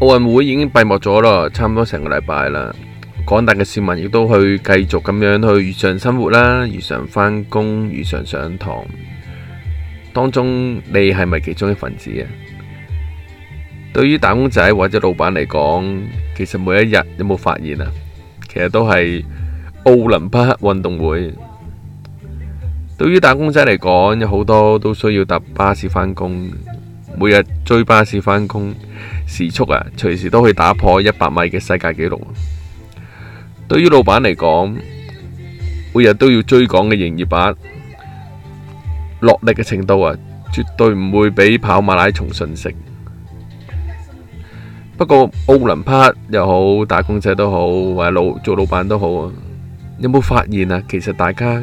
奧運會已經閉幕咗喇，差唔多成個禮拜啦。廣大嘅市民亦都去繼續咁樣去如常生活啦，如常返工，如常上堂。當中你係咪其中一份子啊？對於打工仔或者老闆嚟講，其實每一日有冇發現啊？其實都係奧林匹克運動會。對於打工仔嚟講，有好多都需要搭巴士返工。每日追巴士返工，時速啊，隨時都可以打破一百米嘅世界紀錄。對於老闆嚟講，每日都要追趕嘅營業額，落力嘅程度啊，絕對唔會比跑馬拉松遜色。不過奧林匹克又好，打工仔都好，或者老做老闆都好啊，有冇發現啊？其實大家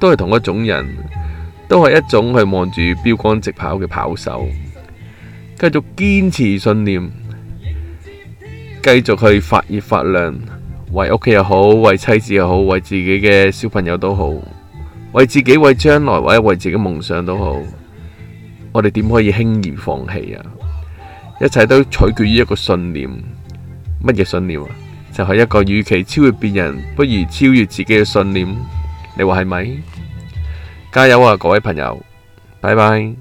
都係同一種人，都係一種去望住標杆直跑嘅跑手。繼續堅持信念，繼續去發熱發亮，為屋企又好，為妻子又好，為自己嘅小朋友都好，為自己為將來或者為自己夢想都好，我哋點可以輕易放棄啊？一切都取決於一個信念，乜嘢信念啊？就係一個與其超越別人，不如超越自己嘅信念。你話係咪？加油啊，各位朋友，拜拜。